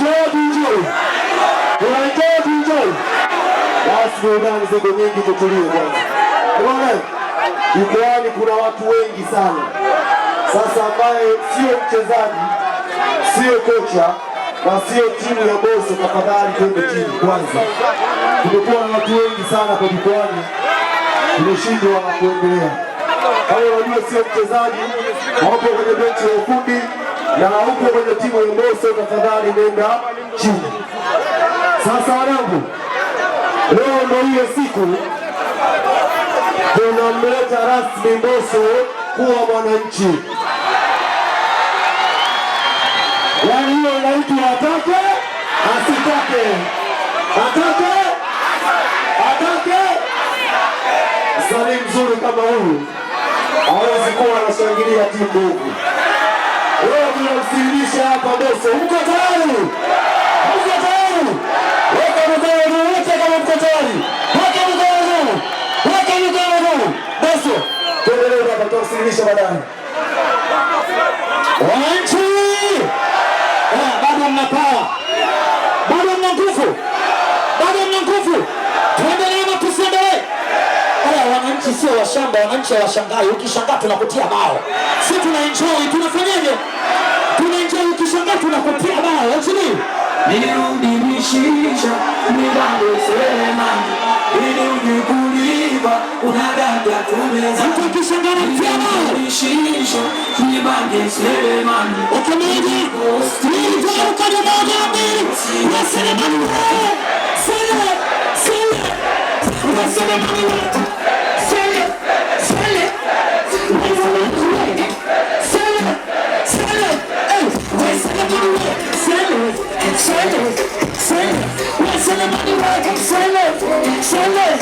Enjoy, enjoy. Unaenjoy, enjoy. Basi una mzigo mingi tutulie bwana. Bwana, kuna watu wengi sana. Sasa ambaye sio mchezaji, sio kocha na sio timu ya Boso, tafadhali twende chini kwanza. tumekuwa na watu wengi sana kwa Jukwani, tumeshindwa kuendelea. Hao wajua sio mchezaji, hawapo kwenye benchi ya ufundi na huko kwenye timu ya Mbosso tafadhali nenda chini. Sasa wanangu, leo ndio hiyo siku tunamleta rasmi Mbosso kuwa mwananchi, yaani hiyo laiti atake asitake, atake atake. Msanii mzuri kama huyu hawezi kuwa anashangilia timu huku tunamsilisha hapa Boso. Mko tayari? Mko tayari? Weka mikono juu wote kama mko tayari. Weka mikono juu. Weka mikono juu. Boso. Tuendelee hapa tunamsilisha baadaye. Wananchi! Eh, bado mna pawa. Bado mna nguvu. Bado mna nguvu. Tuendelee na tusiendelee. Eh, wananchi sio washamba, wananchi hawashangai. Ukishangaa tunakutia mawe. Si tuna enjoy, tunafanyaje? Kuna njia ukisogea tunakutia bao, au sio? Nirudi mishisha ninalosema ili unikuliva unadada tumeza mtu akishangana tia bao mishisha ninalosema ukimwidi ndio ukaja moja mbili na Selemani wewe Sele Sele Selemani wewe Söyle, söyle. Where somebody work, söyle, söyle,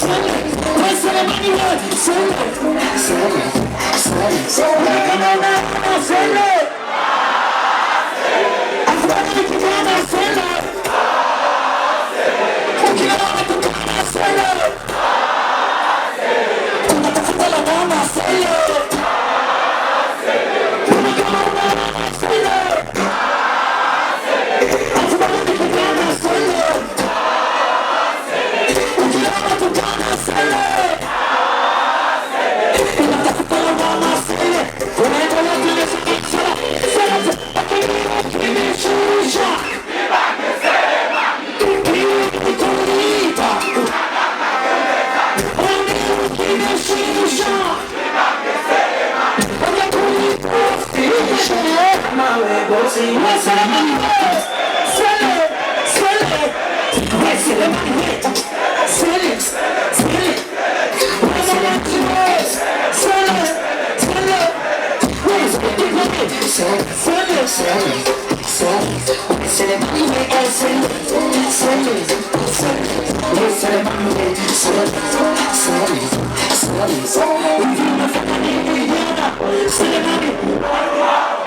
söyle. Where somebody work, söyle, söyle, söyle. So where can I now, söyle. Afraid to go now, söyle. Ukiona wanatukana, söyle. Tunatafuta lawama, söyle.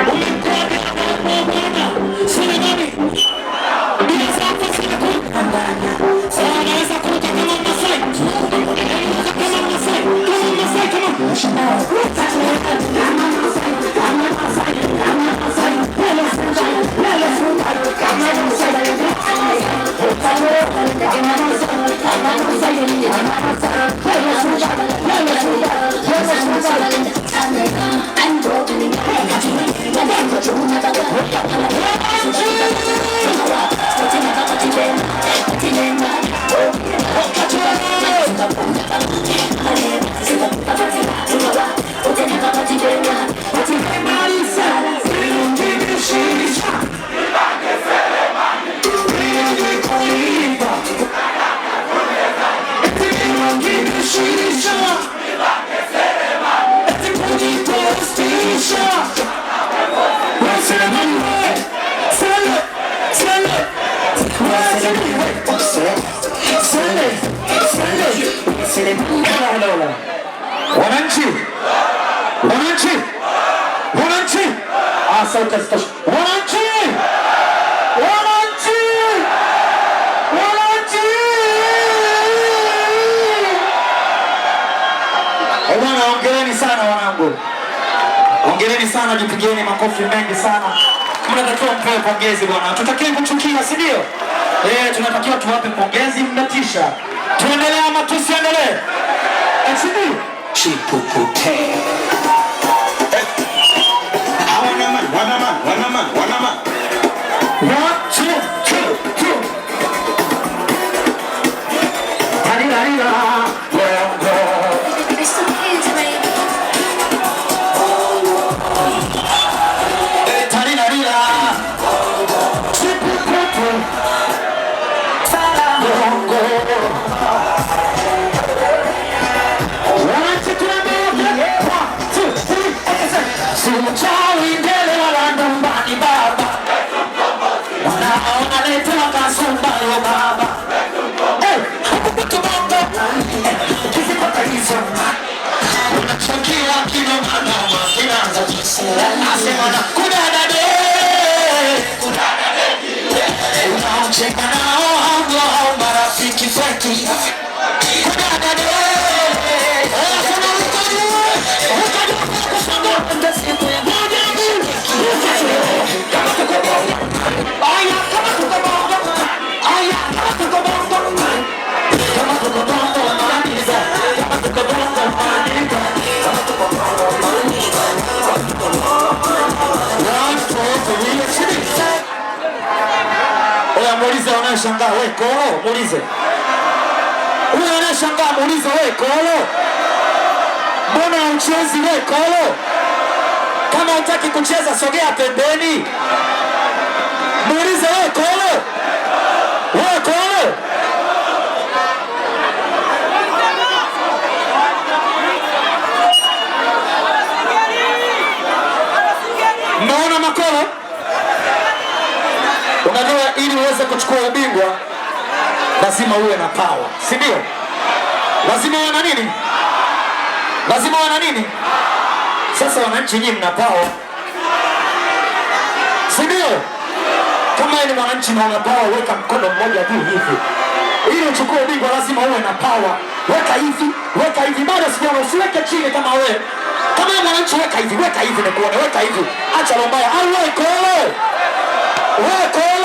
Umekwenda 卖了出掉了，卖了出掉了，卖了出掉了，人家啥能干？安卓机，苹果机，哪个手机不掉价？sauti hazitoshi. Wananchi, wananchi, wananchi! Eh, bwana, ongereni sana wanangu, ongereni sana, jipigieni makofi mengi sana. Mnatakiwa mpewe pongezi bwana, tutakiwe kuchukia, si ndio? Eh, tunatakiwa tuwape pongezi, mnatisha. Tuendelee ama tusiendelee? Eh, Chipukutea anayetoa kasumba yo baba unachokiwa kinomamama inaanza asema na kudadade unaocheka nao hao marafiki zake anayeshangaa we kolo, muulize huyo anayeshangaa, muulize we kolo, mbona uchezi we kolo? Kama hutaki kucheza, sogea pembeni, muulize we kolo. kuchukua ubingwa lazima uwe na power, si ndio? Lazima uwe na nini? Lazima uwe na nini? Sasa wananchi, nyinyi mna power, si ndio? Kama ni mwananchi na una power, weka mkono mmoja juu hivi ili uchukue ubingwa, lazima uwe na power. Weka hivi, weka hivi, bado sijaona. Usiweke chini kama wewe, kama mwananchi, weka hivi, weka hivi, nikuone, weka hivi, acha roho au wewe kole wewe kole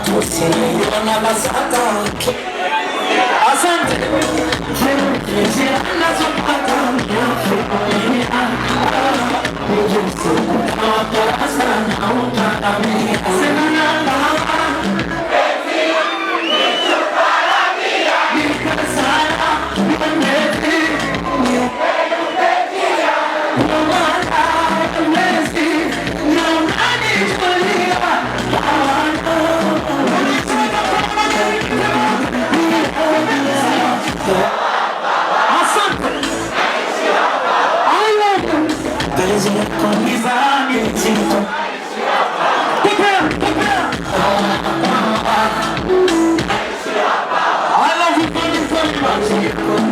tusiona Asante. Thank you.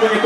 নির্বাচনে